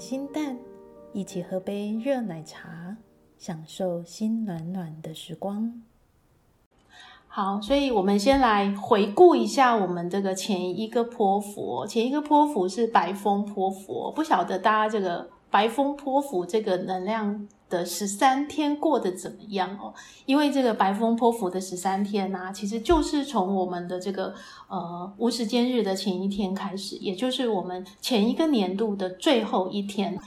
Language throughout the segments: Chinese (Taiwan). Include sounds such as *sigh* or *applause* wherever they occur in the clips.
心淡，一起喝杯熱奶茶，享受心暖暖的時光。好，所以我們先來回顧一下我們這個前一個波符，前一個波符是白風波符，不曉得大家這個白風波符這個能量。的十三天過得怎麼樣哦？因為這個白風波符的十三天呢、啊，其實就是從我們的這個呃無時間日的前一天開始，也就是我們前一個年度的最後一天，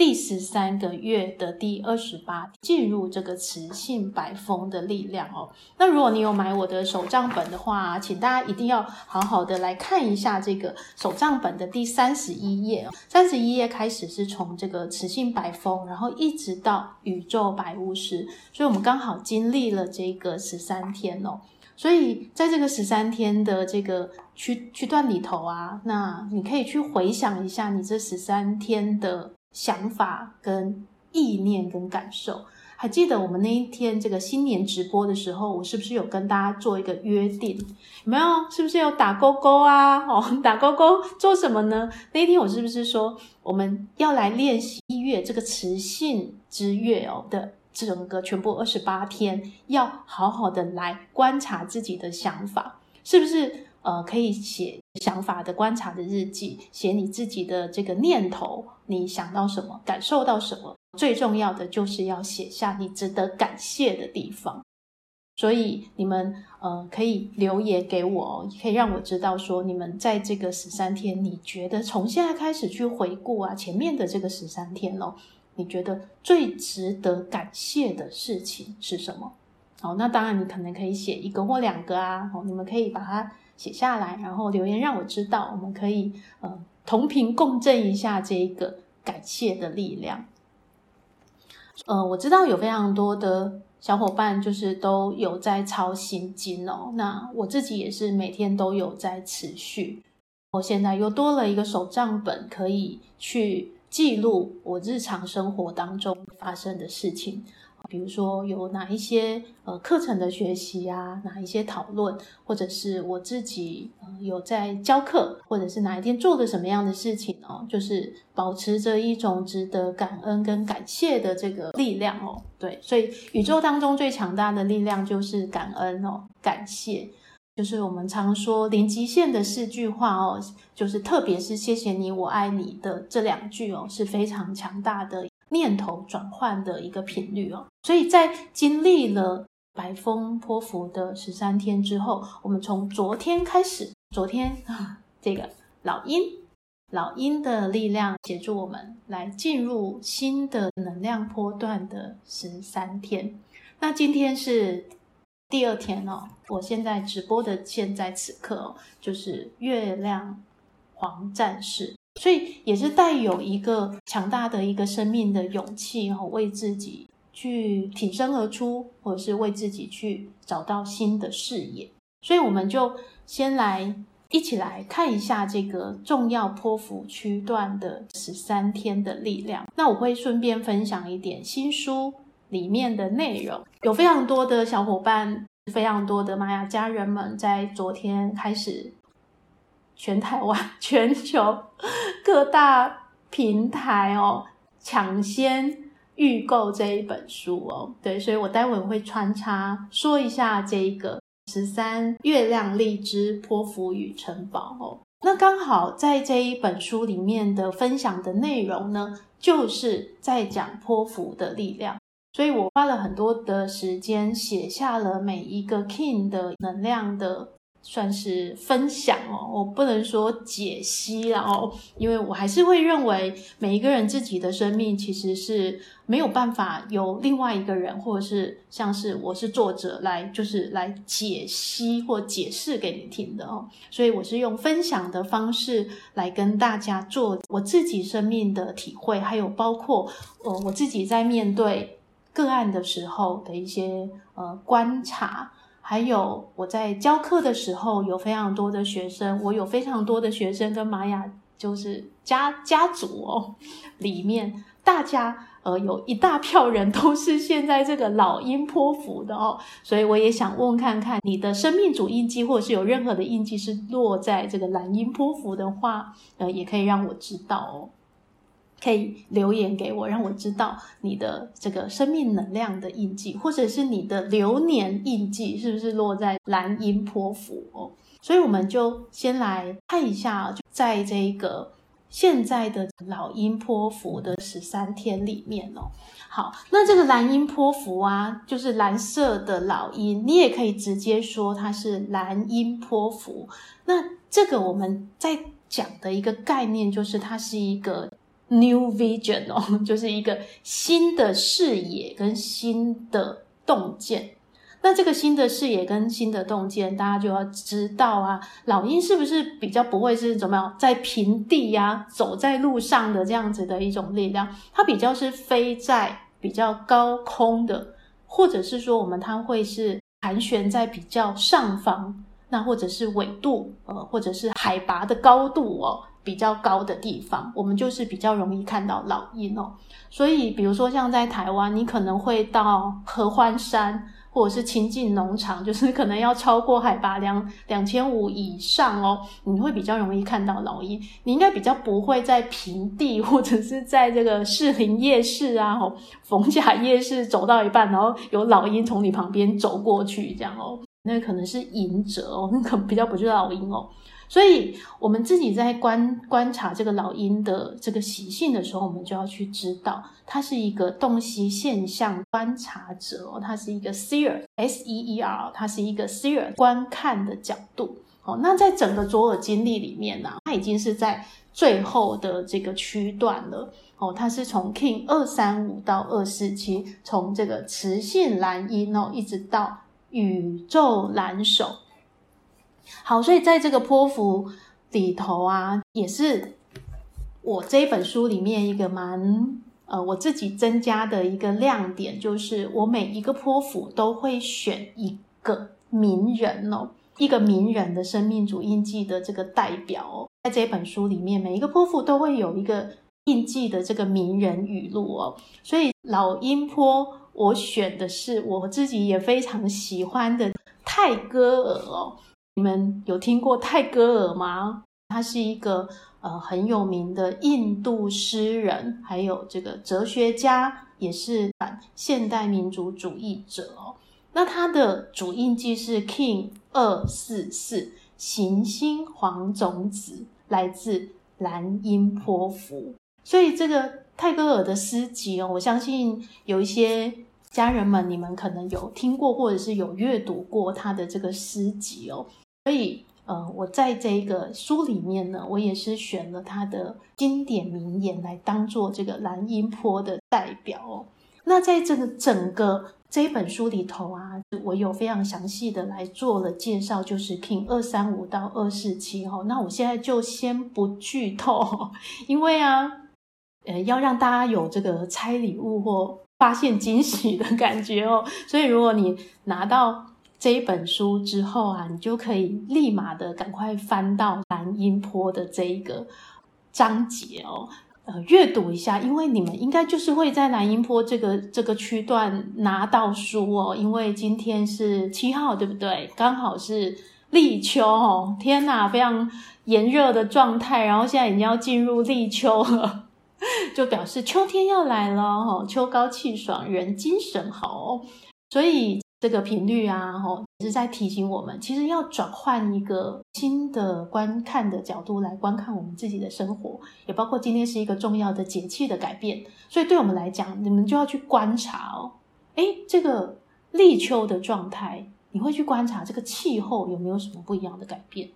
第十三個月的第二十八，進入這個磁性白風的力量哦。那如果你有買我的手賬本的話，啊，請大家一定要好好的來看一下這個手賬本的第三十一頁，哦。三十一頁開始是從這個磁性白風，然後一直到宇宙白巫師，所以我們剛好經歷了這個十三天哦。所以在這個十三天的這個區區段裡頭啊，那你可以去回想一下你這十三天的。想法跟意念跟感受，還記得我們那一天這個新年直播的時候，我是不是有跟大家做一個約定？有沒有，是不是有打勾勾啊？哦，打勾勾做什麼呢？那一天我是不是說我們要來練習一月這個磁性之月哦的整個全部二十八天，要好好的來觀察自己的想法，是不是？呃，可以寫想法的觀察的日記，寫你自己的這個念頭。你想到什麼？感受到什麼？最重要的就是要寫下你值得感謝的地方。所以你們呃可以留言給我，哦，可以讓我知道說你們在這個十三天，你覺得從現在開始去回顧啊前面的這個十三天咯，你覺得最值得感謝的事情是什麼？好，那當然你可能可以寫一個或兩個啊。哦，你們可以把它寫下來，然後留言讓我知道，我們可以呃同頻共振一下這一個。感謝的力量，呃。我知道有非常多的小夥伴就是都有在抄心經哦。那我自己也是每天都有在持續。我現在又多了一個手賬本，可以去記錄我日常生活當中發生的事情。比如說有哪一些呃課程的學習啊，哪一些討論，或者是我自己有在教課，或者是哪一天做了什麼樣的事情哦，就是保持着一種值得感恩跟感謝的這個力量哦。對，所以宇宙當中最強大的力量就是感恩哦，感謝就是我們常說零極限的四句話哦，就是特別是謝謝你，我愛你的這兩句哦是非常強大的，念頭轉換的一個頻率哦，所以在經歷了白風波符的十三天之後，我們從昨天開始，昨天啊這個老鷹，老鷹的力量協助我們來進入新的能量波段的十三天。那今天是第二天哦，我現在直播的現在此刻哦，就是月亮黃戰士。所以也是帶有一個強大的一個生命的勇氣，哈，為自己去挺身而出，或者是為自己去找到新的視野。所以我們就先來一起來看一下這個重要波符區段的十三天的力量。那我會順便分享一點新書裡面的內容。有非常多的小伙伴，非常多的馬雅家人們，在昨天開始。全臺灣、全球各大平台哦，搶先預購這一本書哦。對，所以我待會會穿插說一下這一個《十三月亮曆之波符與城堡》哦。那剛好在這一本書裡面的分享的內容呢，就是在講波符的力量，所以我花了很多的時間寫下了每一個 Kin 的能量的。算是分享哦，我不能說解析啦。哦，因為我還是會認為，每一個人自己的生命其實是沒有辦法由另外一個人，或者是像是我是作者來就是來解析或解釋給你聽的哦，所以我是用分享的方式來跟大家做我自己生命的體會，還有包括呃我自己在面對個案的時候的一些呃觀察。還有我在教課的時候，有非常多的學生，我有非常多的學生跟瑪雅就是家家族哦，裡面大家呃有一大票人都是現在這個老鷹波符的哦，所以我也想問看看你的生命主印記，或者是有任何的印記是落在這個藍鷹波符的話，呃，也可以讓我知道哦。可以留言給我，讓我知道你的這個生命能量的印記，或者是你的流年印記，是不是落在藍鷹波符哦？所以我們就先來看一下，啊，就在這個現在的老鷹波符的十三天裡面哦。好，那這個藍鷹波符啊，就是藍色的老鷹，你也可以直接說它是藍鷹波符。那這個我們在講的一個概念，就是它是一個。New Vision 哦，就是一個新的視野跟新的洞見。那這個新的視野跟新的洞見，大家就要知道啊，老鷹是不是比較不會是怎麼樣，在平地呀、啊，走在路上的這樣子的一種力量，它比較是飛在比較高空的，或者是說我們它會是盤旋在比較上方，那或者是緯度呃，或者是海拔的高度哦。比較高的地方，我們就是比較容易看到老鷹哦、喔。所以，比如說像在台灣，你可能會到合歡山或者是清境農場，就是可能要超過海拔兩兩千五以上哦、喔，你會比較容易看到老鷹。你應該比較不會在平地或者是在這個士林夜市啊、吼逢甲夜市走到一半，然後有老鷹從你旁邊走過去這樣哦、喔，那可能是引者哦、喔，那可、個、比較不是老鷹哦、喔。所以，我們自己在觀觀察這個老鷹的這個習性的時候，我們就要去知道，它是一個洞悉現象觀察者，它是一個 seer, S E E R，它是一個 seer, 觀看的角度。哦，那在整個卓爾金曆裡面呢，它已經是在最後的這個區段了。哦，它是從 Kin 二三五到二四七，從這個磁性藍鷹，哦，一直到宇宙藍手。好，所以在這個波符裡頭啊，也是我這本書裡面一個蠻呃，我自己增加的一個亮點，就是我每一個波符都會選一個名人哦，一個名人的生命主印記的這個代表，在這本書裡面，每一個波符都會有一個印記的這個名人語錄哦。所以老鷹波我選的是我自己也非常喜歡的泰戈爾哦。你們有聽過泰戈爾嗎？他是一個呃很有名的印度詩人，還有這個哲學家，也是現代民族主義者哦。那他的主印記是 Kin 244，行星黃種子，來自藍鷹波符。所以這個泰戈爾的詩集哦，我相信有一些家人們，你們可能有聽過，或者是有閱讀過他的這個詩集哦。所以，呃，我在這個書裡面呢，我也是選了他的經典名言來當做這個藍鷹波的代表。那在這個整個這一本書裡頭啊，我有非常詳細的來做了介紹，就是 Kin 二三五到二四七哦，那我現在就先不劇透，因為啊，呃，要讓大家有這個猜禮物或發現驚喜的感覺哦。所以，如果你拿到，這一本書之後啊，你就可以立馬的趕快翻到藍鷹波的這一個章節哦，呃，閱讀一下，因為你們應該就是會在藍鷹波這個這個區段拿到書哦，因為今天是七號，對不對？剛好是立秋哦，天哪，非常炎熱的狀態，然後現在已經要進入立秋了， *laughs* 就表示秋天要來了哦，秋高氣爽，人精神好哦，所以。這個頻率啊，吼，其實在提醒我們，其實要轉換一個新的觀看的角度來觀看我們自己的生活，也包括今天是一個重要的節氣的改變，所以對我們來講，你們就要去觀察哦，誒，這個立秋的狀態，你會去觀察這個氣候有沒有什麼不一樣的改變，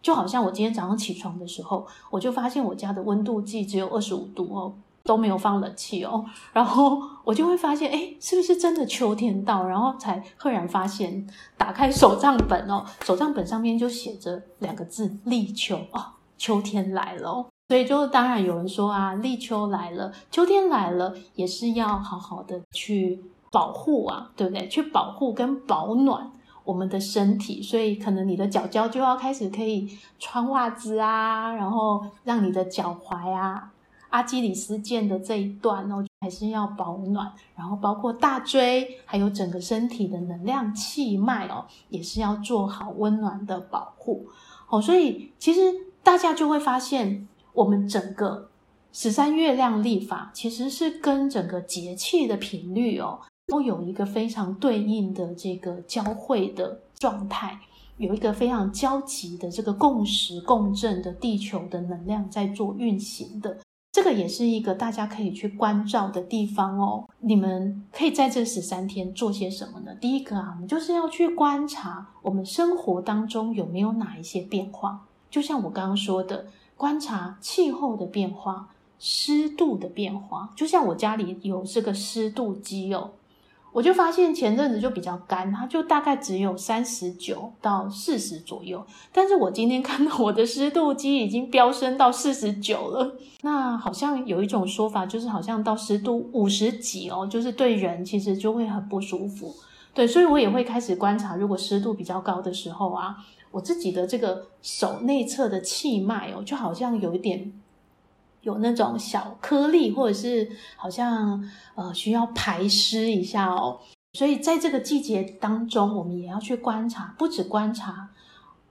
就好像我今天早上起床的時候，我就發現我家的溫度計只有二十五度哦。都沒有放冷氣哦，然後我就會發現，哎，是不是真的秋天到？然後才赫然發現，打開手賬本哦，手賬本上面就寫着兩個字：立秋哦，秋天來了哦。所以就當然有人說啊，立秋來了，秋天來了，也是要好好的去保護啊，對不對？去保護跟保暖我們的身體，所以可能你的腳腳就要開始可以穿襪子啊，然後讓你的腳踝啊。阿基里斯腱的這一段哦，還是要保暖，然後包括大椎，還有整個身體的能量氣脈哦，也是要做好溫暖的保護。哦，所以其實大家就會發現，我們整個十三月亮曆法其實是跟整個節氣的頻率哦，都有一個非常對應的這個交匯的狀態，有一個非常交集的這個共識共振的地球的能量在做運行的。這個也是一個大家可以去關照的地方哦。你們可以在這十三天做些什麼呢？第一個啊，我們就是要去觀察我們生活當中有沒有哪一些變化，就像我剛剛說的，觀察氣候的變化、濕度的變化。就像我家裡有這個濕度機哦。我就發現前陣子就比較乾，它就大概只有三十九到四十左右。但是我今天看到我的濕度計已經飆升到四十九了。那好像有一種說法，就是好像到濕度五十幾哦，就是對人其實就會很不舒服。對，所以我也會開始觀察，如果濕度比較高的時候啊，我自己的這個手內側的氣脈哦，就好像有一點。有那種小顆粒，或者是好像呃需要排濕一下哦。所以在這個季節當中，我們也要去觀察，不只觀察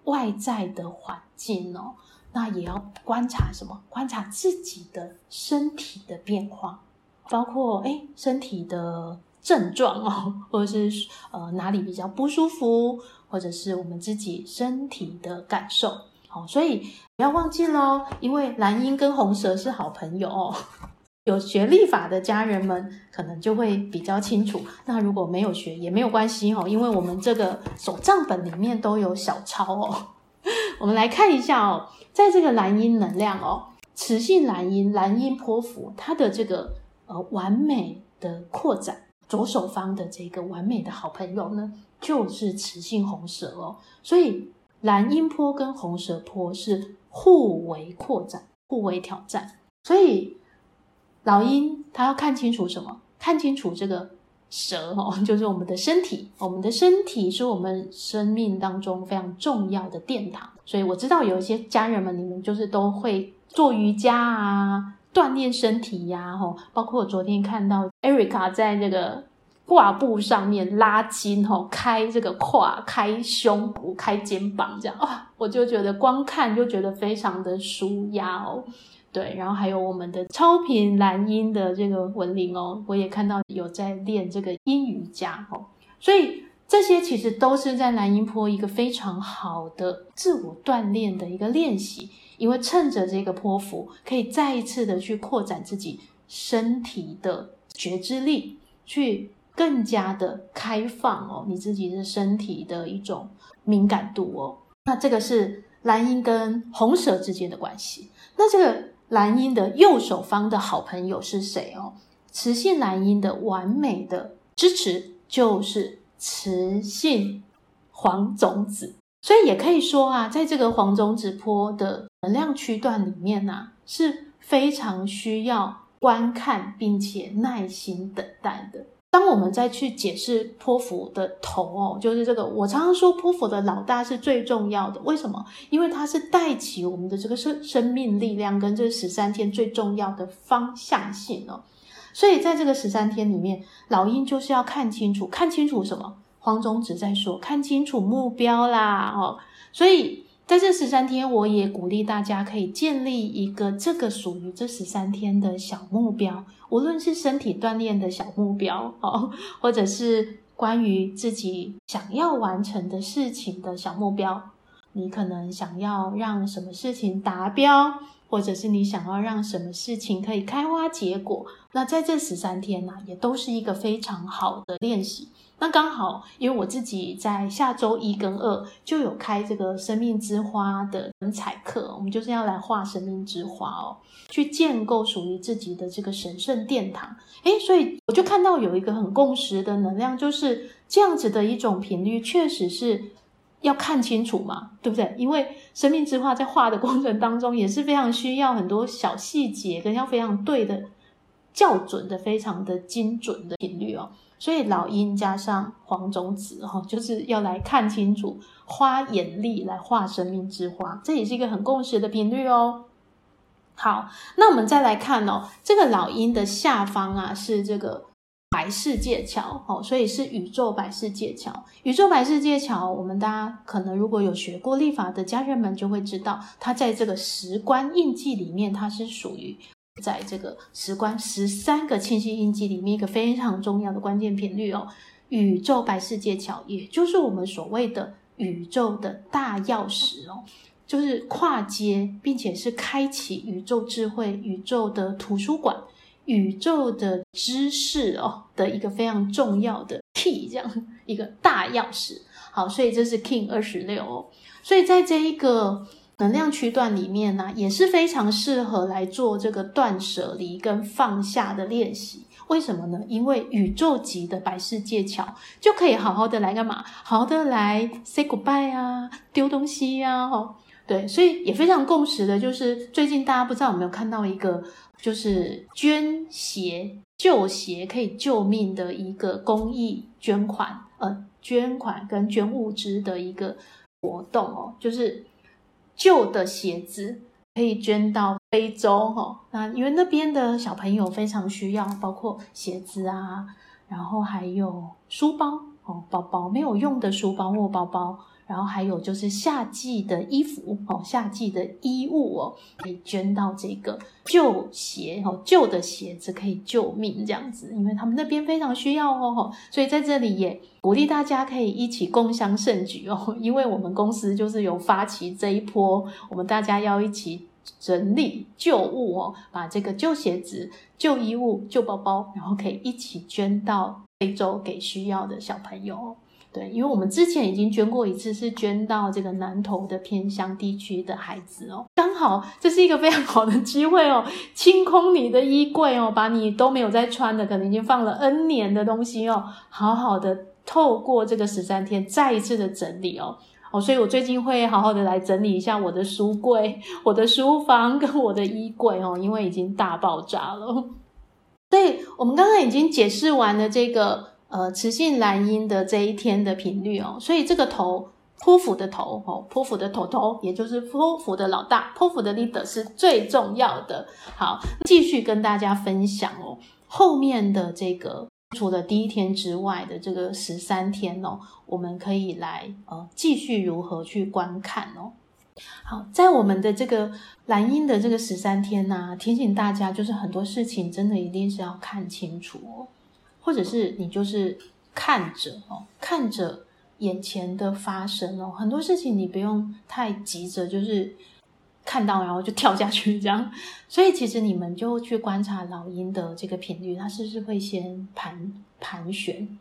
外在的環境哦，那也要觀察什麼？觀察自己的身體的變化，包括哎身體的症狀哦，或者是呃哪裡比較不舒服，或者是我們自己身體的感受。好、哦，所以不要忘記嘍，因為藍鷹跟紅蛇是好朋友哦。有學曆法的家人們可能就會比較清楚，那如果沒有學也沒有關係哦，因為我們這個手賬本裡面都有小抄哦。我們來看一下哦，在這個藍鷹能量哦，磁性藍鷹藍鷹波符它的這個呃完美的擴展左手方的這個完美的好朋友呢，就是磁性紅蛇哦，所以。藍鷹波跟紅蛇波是互為擴展，互為挑戰。所以老鷹、嗯、他要看清楚什麼？看清楚這個蛇哦，就是我們的身體，我們的身體是我們生命當中非常重要的殿堂。所以我知道有一些家人們，你們就是都會做瑜伽啊，鍛鍊身體呀、啊、哈、哦。包括我昨天看到 Erica 在這、那個。掛布上面拉筋吼、哦、開這個胯、開胸、開肩膀，這樣、啊、我就覺得光看就覺得非常的舒壓哦。對，然後還有我們的超頻藍鷹的這個文玲哦，我也看到有在練這個陰瑜伽哦。所以這些其實都是在藍鷹波一個非常好的自我鍛鍊的一個練習，因為趁着這個波符，可以再一次的去擴展自己身體的覺知力，去。更加的開放哦，你自己的身體的一種敏感度哦。那這個是藍鷹跟紅蛇之間的關係。那這個藍鷹的右手方的好朋友是誰哦？磁性藍鷹的完美的支持就是磁性黃種子。所以也可以說啊，在這個黃種子波的能量區段裡面呢、啊，是非常需要觀看並且耐心等待的。當我們再去解釋波符的頭哦，就是這個，我常常說波符的老大是最重要的，為什麼？因為它是帶起我們的這個生生命力量跟這十三天最重要的方向性哦。所以在這個十三天裡面，老鷹就是要看清楚，看清楚什麼？黃宗直在說，看清楚目標啦哦。所以。在這十三天，我也鼓勵大家可以建立一個這個屬於這十三天的小目標，無論是身體鍛鍊的小目標，哦，或者是關於自己想要完成的事情的小目標，你可能想要讓什麼事情達標，或者是你想要讓什麼事情可以開花結果。那在這十三天呢、啊，也都是一個非常好的練習。那剛好，因為我自己在下周一跟二就有開這個生命之花的彩課，我們就是要來畫生命之花哦，去建構屬於自己的這個神聖殿堂。誒，所以我就看到有一個很共識的能量，就是這樣子的一種頻率，確實是要看清楚嘛，對不對？因為生命之花在畫的過程當中也是非常需要很多小細節跟要非常對的。校準的非常的精準的頻率哦，所以老鷹加上黃種子哈、哦，就是要來看清楚，花眼力來畫生命之花，這也是一個很共識的頻率哦。好，那我們再來看哦，這個老鷹的下方啊是這個白世界橋，哦。所以是宇宙白世界橋。宇宙白世界橋，我們大家可能如果有學過曆法的家人們就會知道，它在這個時光印記裡面，它是屬於。在這個時光十三個清晰印記裡面，一個非常重要的關鍵頻率哦，宇宙白世界橋，也就是我們所謂的宇宙的大鑰匙哦，就是跨界並且是開啟宇宙智慧、宇宙的圖書館、宇宙的知識哦的一個非常重要的 key 這樣一個大鑰匙。好，所以這是 Kin 二十六哦，所以在這一個。能量區段裡面呢、啊，也是非常適合來做這個斷捨離跟放下的練習。為什麼呢？因為宇宙級的白世界橋就可以好好的來幹嘛？好好的來 say goodbye 啊，丟東西呀、啊，哦，對，所以也非常共識的就是，最近大家不知道有沒有看到一個，就是捐鞋、舊鞋可以救命的一個公益捐款，呃，捐款跟捐物資的一個活動哦，就是。舊的鞋子可以捐到非洲哦，那因為那邊的小朋友非常需要，包括鞋子啊，然後還有書包哦，包包，沒有用的書包或包包。然後還有就是夏季的衣服哦，夏季的衣物哦，可以捐到這個舊鞋哦，舊的鞋子可以救命這樣子，因為他們那邊非常需要哦，所以在這裡也鼓勵大家可以一起共襄盛舉哦，因為我們公司就是有發起這一波，我們大家要一起整理舊物哦，把這個舊鞋子、舊衣物、舊包包，然後可以一起捐到非洲給需要的小朋友。對，因為我們之前已經捐過一次，是捐到這個南投的偏鄉地區的孩子哦，剛好這是一個非常好的機會哦，清空你的衣櫃哦，把你都沒有在穿的，可能已經放了 N 年的東西哦，好好的透過這個十三天再一次的整理哦哦，所以我最近會好好的來整理一下我的書櫃、我的書房跟我的衣櫃哦，因為已經大爆炸了，所以我們剛剛已經解釋完了這個。呃，磁性藍鷹的這一天的頻率哦，所以這個頭，波符的頭哦，波符的頭頭，也就是波符的老大，波符的 leader 是最重要的。好，繼續跟大家分享哦，後面的這個除了第一天之外的這個十三天哦，我們可以來呃繼續如何去觀看哦。好，在我們的這個藍鷹的這個十三天啊，提醒大家，就是很多事情真的一定是要看清楚哦。或者是你就是看着哦，看着眼前的發生哦，很多事情你不用太急着，就是看到然後就跳下去這樣。所以其實你們就去觀察老鷹的這個頻率，它是不是會先盤盤旋？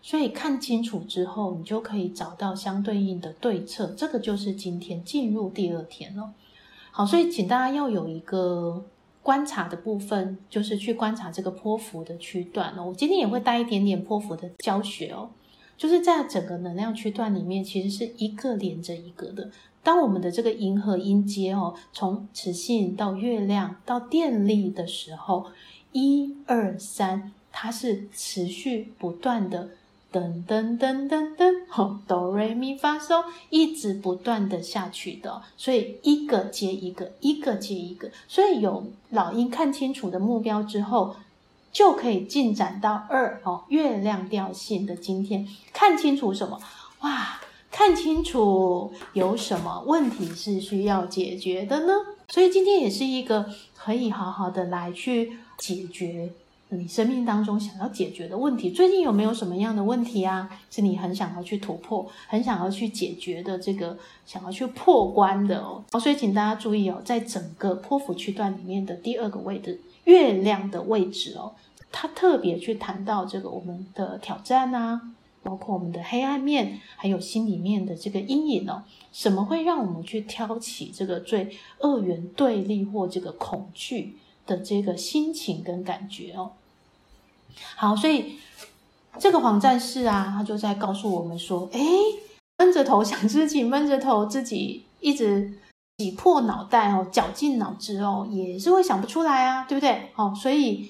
所以看清楚之後，你就可以找到相對應的對策。這個就是今天進入第二天了。好，所以請大家要有一個。觀察的部分就是去觀察這個波符的區段哦，我今天也會帶一點點波符的教學哦，就是在整個能量區段裡面，其實是一個連着一個的。當我們的這個銀河音階哦，從磁性到月亮到電力的時候，一二三，它是持續不斷的。噔噔噔噔噔，哆瑞咪發嗦，Do, Re, Mi, Fa, so, 一直不斷的下去的哦，所以一個接一個，一個接一個，所以有老鷹看清楚的目標之後，就可以進展到二哦，月亮調性的，今天，看清楚什麼？哇，看清楚有什麼問題是需要解決的呢？所以今天也是一個可以好好的來去解決。你生命當中想要解決的問題，最近有沒有什麼樣的問題啊？是你很想要去突破，很想要去解決的這個想要去破關的哦。所以請大家注意哦，在整個波符區段裡面的第二個位置，月亮的位置哦，它特別去談到這個我們的挑戰啊，包括我們的黑暗面，還有心裡面的這個陰影哦。什麼會讓我們去挑起這個最二元對立或這個恐懼的這個心情跟感覺哦，好，所以這個黃戰士啊，他就在告訴我們說，哎，悶着頭想自己，悶着頭自己一直擠破腦袋哦，絞盡腦汁哦，也是會想不出來啊，對不對？哦，所以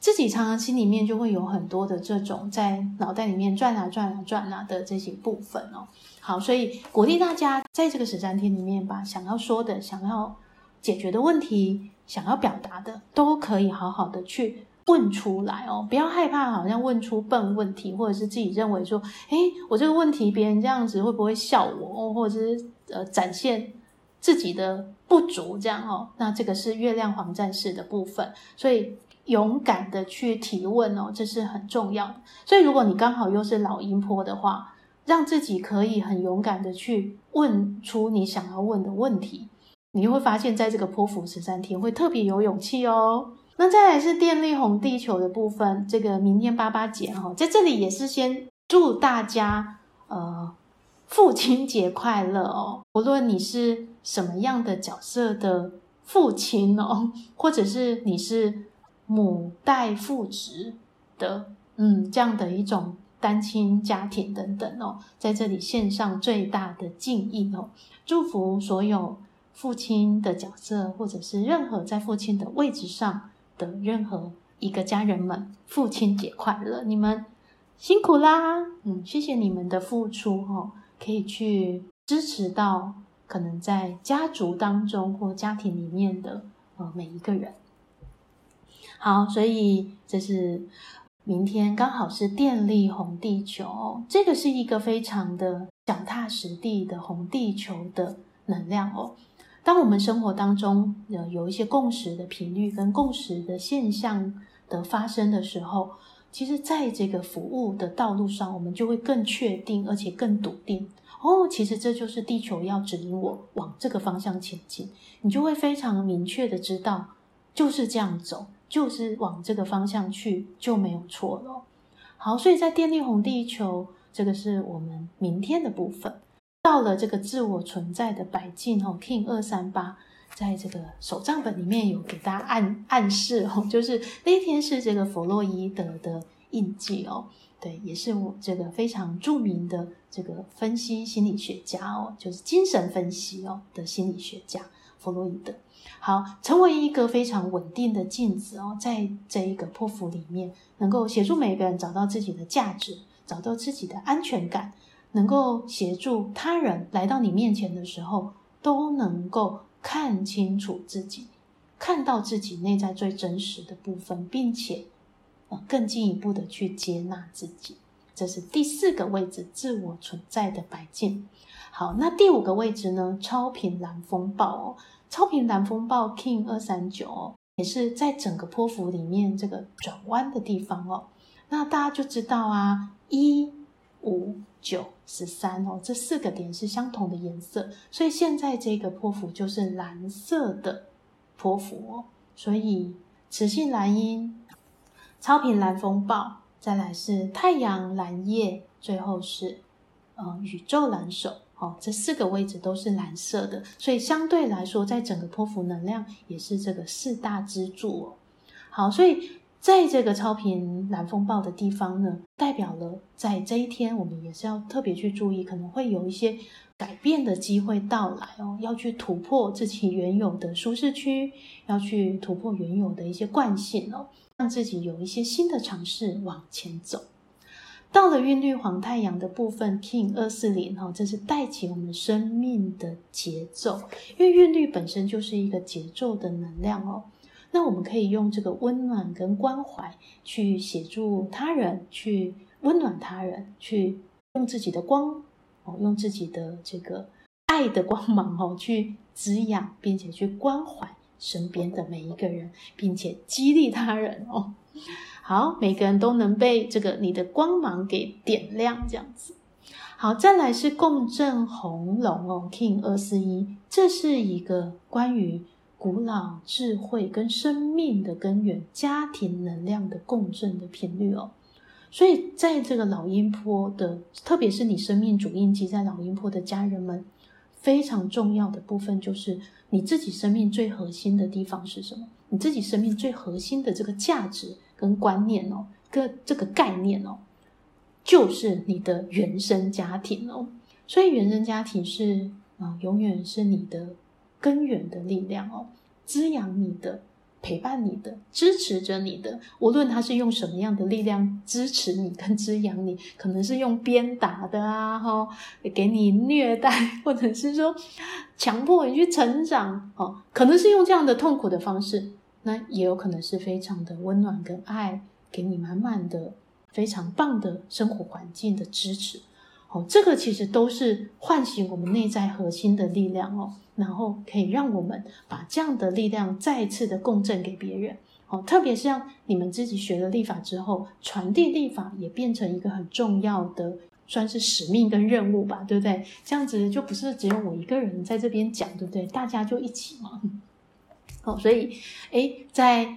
自己常常心裡面就會有很多的這種在腦袋裡面轉啊轉啊轉啊的這些部分哦。好，所以鼓勵大家在這個十三天裡面把，想要說的，想要。解決的問題，想要表達的，都可以好好的去問出來哦，不要害怕，好像問出笨問題，或者是自己認為說，誒、欸，我這個問題別人這樣子會不會笑我哦，或者是呃展現自己的不足這樣哦，那這個是月亮黃戰士的部分，所以勇敢的去提問哦，這是很重要的。所以如果你剛好又是老鷹波的話，讓自己可以很勇敢的去問出你想要問的問題。你就會發現，在這個波符十三天會特別有勇氣哦。那再來是電力紅地球的部分，這個明天八八節哈、哦，在這裡也是先祝大家呃父親節快樂哦。無論你是什麼樣的角色的父親哦，或者是你是母代父職的，嗯，這樣的一種單親家庭等等哦，在這裡獻上最大的敬意哦，祝福所有，父親的角色，或者是任何在父親的位置上的任何一個家人們，父親節快樂！你們辛苦啦，嗯，謝謝你們的付出哦，可以去支持到可能在家族當中或家庭裡面的呃每一個人。好，所以這是明天剛好是電力紅地球，這個是一個非常的腳踏實地的紅地球的能量哦。當我們生活當中呃有一些共識的頻率跟共識的現象的發生的時候，其實在這個服務的道路上，我們就會更確定，而且更篤定。哦，其實這就是地球要指引我往這個方向前進。你就會非常明確的知道，就是這樣走，就是往這個方向去，就沒有錯了。好，所以在電力紅地球，這個是我們明天的部分。到了這個自我存在的白鏡哦，Kin 238在這個手賬本裡面有給大家暗暗示哦，就是那一天是這個弗洛伊德的印記哦，對，也是我這個非常著名的這個分析心理學家哦，就是精神分析哦的心理學家弗洛伊德。好，成為一個非常穩定的鏡子哦，在這一個波符裡面，能夠協助每個人找到自己的價值，找到自己的安全感。能夠協助他人來到你面前的時候，都能夠看清楚自己，看到自己內在最真實的部分，並且呃更進一步的去接納自己。這是第四個位置，自我存在的白鏡。好，那第五個位置呢？超頻藍風暴哦，超頻藍風暴 Kin 二三九，也是在整個波符裡面這個轉彎的地方哦。那大家就知道啊，一。五九十三哦，這四個點是相同的顏色，所以現在這個波符就是藍色的波符，哦。所以，磁性藍鷹、超頻藍風暴，再來是太陽藍夜，最後是、呃、宇宙藍手哦。這四個位置都是藍色的，所以相對來說，在整個波符能量也是這個四大支柱哦。好，所以。在這個超頻藍風暴的地方呢，代表了在這一天，我們也是要特別去注意，可能會有一些改變的機會到來哦，要去突破自己原有的舒適區，要去突破原有的一些慣性哦，讓自己有一些新的嘗試往前走。到了韻律黃太陽的部分，Kin 240哦，這是帶起我們生命的節奏，因為韻律本身就是一個節奏的能量哦。那我們可以用這個溫暖跟關懷去協助他人，去溫暖他人，去用自己的光哦，用自己的這個愛的光芒哦，去滋養並且去關懷身邊的每一個人，並且激勵他人哦。好，每個人都能被這個你的光芒給點亮，這樣子。好，再來是共振紅龍哦，Kin 241，這是一個關於古老智慧跟生命的根源、家庭能量的共振的頻率哦，所以在這個老鷹波的，特別是你生命主印記在老鷹波的家人們，非常重要的部分就是你自己生命最核心的地方是什麼？你自己生命最核心的這個價值跟觀念哦，跟這個概念哦，就是你的原生家庭哦。所以原生家庭是啊，永遠是你的，根源的力量哦，滋養你的、陪伴你的、支持着你的，無論他是用什麼樣的力量支持你跟滋養你，可能是用鞭打的啊，哈，給你虐待，或者是說強迫你去成長哦，可能是用這樣的痛苦的方式，那也有可能是非常的溫暖跟愛，給你滿滿的，非常棒的生活環境的支持。哦，這個其實都是喚醒我們內在核心的力量哦，然後可以讓我們把這樣的力量再次的共振給別人哦。特別是像你們自己學了曆法之後，傳遞曆法也變成一個很重要的，算是使命跟任務吧，對不對？這樣子就不是只有我一個人在這邊講，對不對？大家就一起嘛。哦，所以，哎，在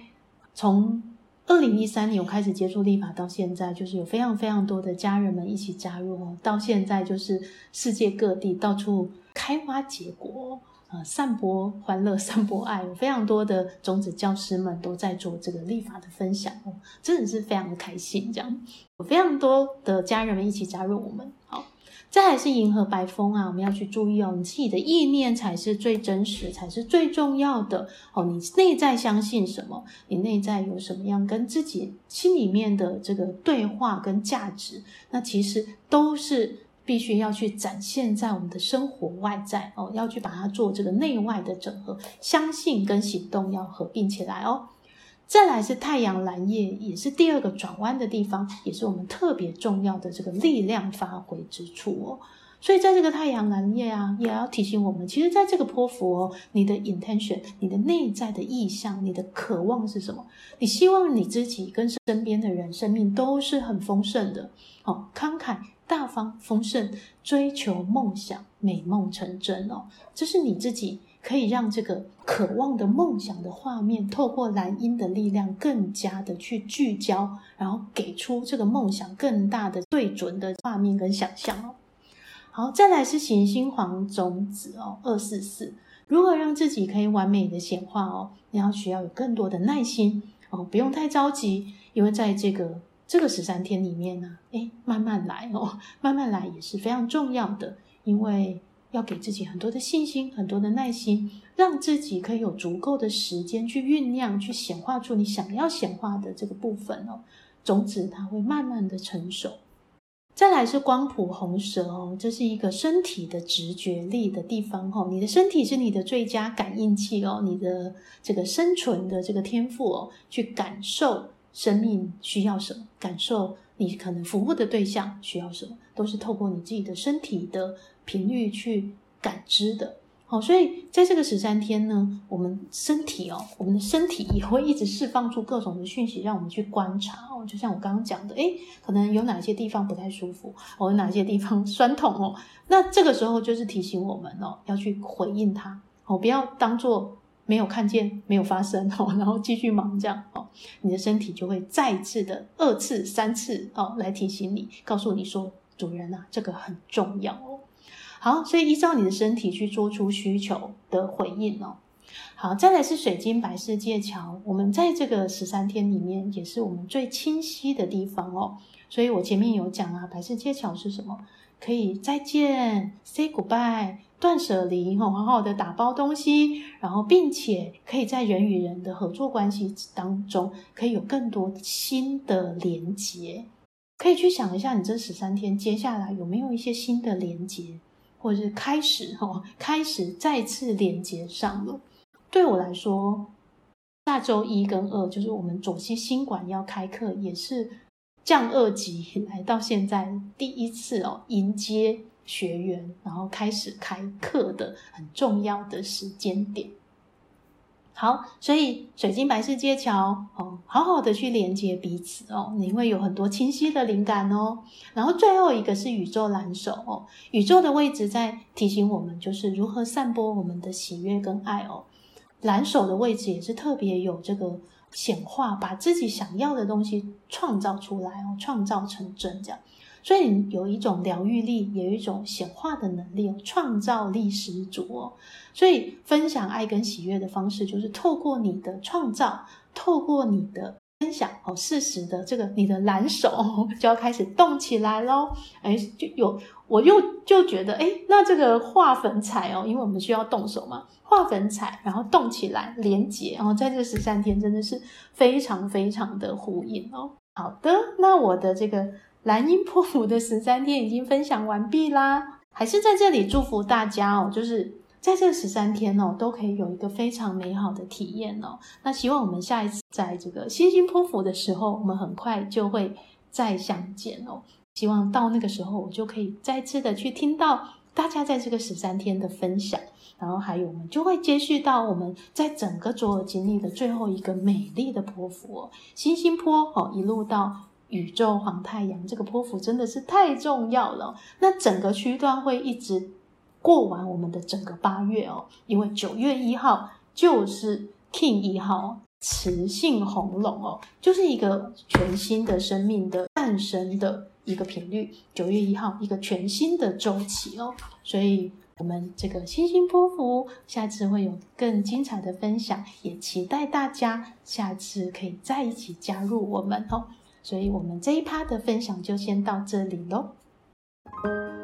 從。二零一三年，2013，我開始接觸曆法，到現在就是有非常非常多的家人們一起加入哦。到現在就是世界各地到處開花結果，啊，散播歡樂，散播愛，有非常多的種子教師們都在做這個曆法的分享哦，真的是非常的開心。這樣有非常多的家人們一起加入我們，好。再來是銀河白風啊，我們要去注意哦，你自己的意念才是最真實，才是最重要的哦。你內在相信什麼，你內在有什麼樣跟自己心裡面的這個對話跟價值，那其實都是必須要去展現在我們的生活外在哦，要去把它做這個內外的整合，相信跟行動要合併起來哦。再來是太陽藍夜，也是第二個轉彎的地方，也是我們特別重要的這個力量發揮之處哦。所以在這個太陽藍夜啊，也要提醒我們，其實在這個波符哦，你的 intention，你的內在的意向，你的渴望是什麼？你希望你自己跟身邊的人，生命都是很豐盛的，哦，慷慨大方、豐盛，追求夢想、美夢成真哦，這是你自己。可以讓這個渴望的夢想的畫面，透過藍鷹的力量，更加的去聚焦，然後給出這個夢想更大的對準的畫面跟想象哦。好，再來是行星黃種子哦，二四四，如何讓自己可以完美的顯化哦？你要需要有更多的耐心哦，不用太着急，因為在這個這個十三天裡面呢、啊，慢慢來哦，慢慢來也是非常重要的，因為，要給自己很多的信心，很多的耐心，讓自己可以有足夠的時間去醞釀，去顯化出你想要顯化的這個部分哦。種子它會慢慢的成熟。再來是光譜紅蛇，哦，這是一個身體的直覺力的地方哦。你的身體是你的最佳感應器哦，你的這個生存的這個天賦哦，去感受生命需要什麼，感受。你可能服務的對象需要什麼，都是透過你自己的身體的頻率去感知的。好、哦，所以在這個十三天呢，我們身體哦，我們的身體也會一直釋放出各種的訊息，讓我們去觀察哦。就像我剛剛講的，哎、欸，可能有哪些地方不太舒服，或者、哦，哪些地方酸痛哦。那這個時候就是提醒我們哦，要去回應它哦，不要當做。沒有看見，沒有發生，然後繼續忙這樣哦，你的身體就會再次的二次、三次哦來提醒你，告訴你說，主人吶、啊，這個很重要哦。好，所以依照你的身體去做出需求的回應哦。好，再來是水晶白世界橋，我們在這個十三天裡面也是我們最清晰的地方哦。所以我前面有講啊，白世界橋是什麼？可以再見，say goodbye，斷捨離哈，好好的打包東西，然後並且可以在人與人的合作關係當中可以有更多新的連接。可以去想一下，你這十三天接下來有沒有一些新的連接，或者是開始哈，開始再次連接上了。對我來說，下周一跟二就是我們左西新館要開課，也是。降二級來到現在，第一次哦迎接學員，然後開始開課的很重要的時間點。好，所以水晶白世界橋哦，好好的去連接彼此哦，你會有很多清晰的靈感哦。然後最後一個是宇宙藍手哦，宇宙的位置在提醒我們，就是如何散播我們的喜悅跟愛哦。藍手的位置也是特別有這個。顯化，把自己想要的東西創造出來哦，創造成真這樣，所以你有一種療癒力，也有一種顯化的能力，創造力十足哦。所以分享愛跟喜悅的方式，就是透過你的創造，透過你的。分享哦，適時的這個你的藍手就要開始動起來咯。哎，就有我又就覺得哎，那這個畫粉彩哦，因為我們需要動手嘛，畫粉彩，然後動起來，連接，然、哦、後在這十三天真的是非常非常的呼應哦。好的，那我的這個藍鷹波符的十三天已經分享完畢啦，還是在這裡祝福大家哦，就是。在這十三天哦，都可以有一個非常美好的體驗哦。那希望我們下一次在這個新星星波符的時候，我們很快就會再相見哦。希望到那個時候，我就可以再次的去聽到大家在這個十三天的分享，然後還有我們就會接續到我們在整個卓爾金曆的最後一個美麗的波符哦，星星波哦，一路到宇宙黃太陽這個波符真的是太重要了哦。那整個區段會一直。過完我們的整個八月哦，因為九月一號就是 Kin 一號，磁性紅龍哦，就是一個全新的生命的誕生的一個頻率。九月一號，一個全新的週期哦，所以我們這個星星波符，下次會有更精彩的分享，也期待大家下次可以再一起加入我們哦。所以，我們這一趴的分享就先到這裡嘍。